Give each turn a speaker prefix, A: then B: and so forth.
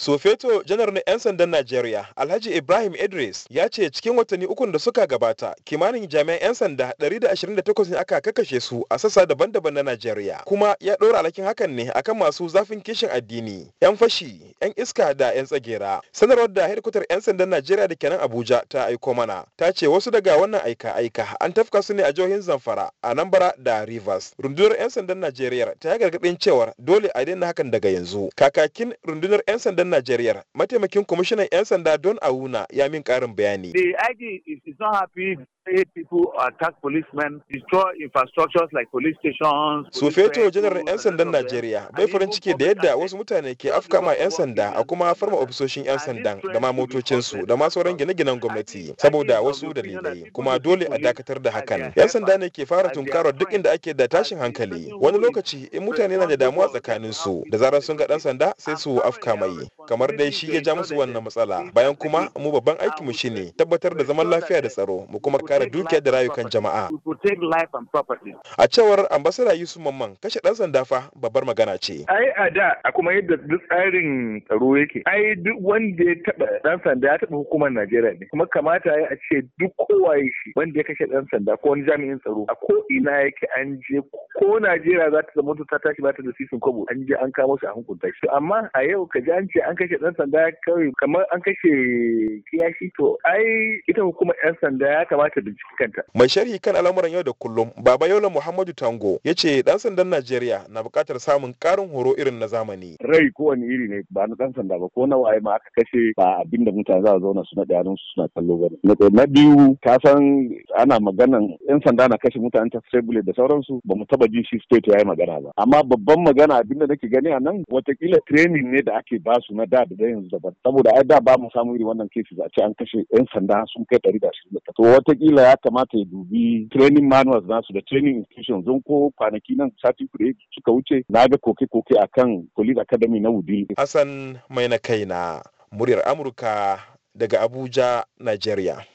A: Sofeto janar na 'yan sandan Najeriya Alhaji Ibrahim Idris ya ce cikin watanni ukun da suka gabata kimanin jami'an 'yan sanda 128 ne aka kakashe su a sassa daban-daban na Najeriya kuma ya ɗora alhakin hakan ne akan masu zafin kishin addini 'yan fashi 'yan iska da 'yan tsagera. Sanarwar da hedkwatar 'yan sandan Najeriya da kenan Abuja ta aiko mana ta ce wasu daga wannan aika-aika an tafka su ne a jihohin Zamfara a Nambara da Rivers. Rundunar 'yan sandan Najeriya ta yi gargaɗin cewar dole a daina hakan daga yanzu. Kakakin rundunar 'yan sandan Najeriya. Mataimakin kwamishinan 'yan sanda Don Auna ya min ƙarin bayani.
B: The IG is
C: not happy Sufeto janar 'yan sandan Najeriya bai
A: farin ciki da yadda wasu mutane ke afka ma 'yan sanda a kuma farma ofisoshin 'yan sandan da ma motocinsu da ma sauran gine-ginen gwamnati saboda wasu dalilai kuma dole a dakatar da hakan. 'Yan sanda ne ke fara tunkarar duk inda ake da tashin hankali. Wani lokaci in mutane na da damuwa tsakanin su da zarar sun ga dan sanda sai su afka mai kamar dai shi ya ja musu wannan matsala. Bayan kuma mu babban aikinmu shine tabbatar da zaman lafiya da tsaro mu kuma kare dukiyar da rayukan jama'a. A cewar ambasada Yusuf Mamman kashe ɗan sanda fa babbar magana ce.
B: Ai a da a kuma yadda duk tsarin tsaro yake. Ai duk wanda ya taɓa ɗan sanda ya taɓa hukumar Najeriya ne. Kuma kamata ya a ce duk ya shi wanda ya kashe ɗan sanda ko wani jami'in tsaro a ko ina yake an je ko Najeriya za ta zama ta tashi ba ta da sisin kwabo an je an kamo shi a hukunta shi. Amma a yau ka ji an ce an kashe ɗan sanda kawai kamar an kashe kiyashi to ai ita hukumar 'yan sanda
A: ya kamata ta binciki Mai sharhi kan al'amuran yau da kullum Baba Yola Muhammadu Tango ya ce ɗan sandan Najeriya na buƙatar samun ƙarin horo irin na zamani.
C: Rai kowane iri ne ba na ɗan sanda ba ko na waye ma aka kashe ba abin mutane za su zauna suna da su suna kallo ba. Na biyu ka san ana maganan yan sanda na kashe mutane ta bullet da sauransu ba mu taba jin shi state ya yi magana ba amma babban magana abinda nake gani a nan watakila training ne da ake ba su na da da yanzu daban saboda ai da ba mu samu irin wannan cases a ce an kashe yan sanda sun kai ɗari da ashirin to watakila ya kamata ya dubi training manuals nasu da training institutions don ko kwanaki nan sati kuɗi suka wuce na ga koke-koke a kan police academy na wudi hassan
A: mai na kaina muryar amurka daga abuja nigeria